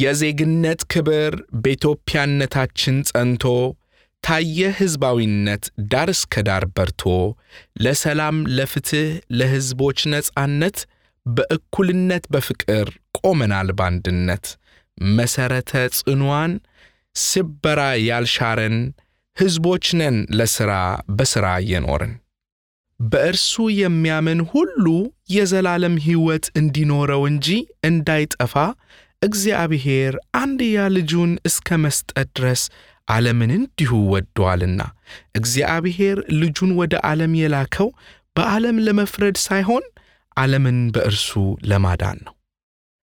የዜግነት ክብር በኢትዮጵያነታችን ጸንቶ ታየ ሕዝባዊነት ዳር እስከ ዳር በርቶ ለሰላም፣ ለፍትሕ፣ ለሕዝቦች ነጻነት በእኩልነት በፍቅር ቆመናል ባንድነት መሠረተ ጽኗን ስበራ ያልሻረን ሕዝቦች ነን ለሥራ በሥራ እየኖርን በእርሱ የሚያምን ሁሉ የዘላለም ሕይወት እንዲኖረው እንጂ እንዳይጠፋ እግዚአብሔር አንድያ ልጁን እስከ መስጠት ድረስ ዓለምን እንዲሁ ወዶአልና። እግዚአብሔር ልጁን ወደ ዓለም የላከው በዓለም ለመፍረድ ሳይሆን ዓለምን በእርሱ ለማዳን ነው።